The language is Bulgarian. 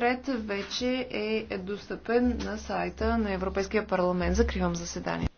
трет вече е достъпен на сайта на Европейския парламент. Закривам заседание.